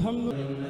الحمد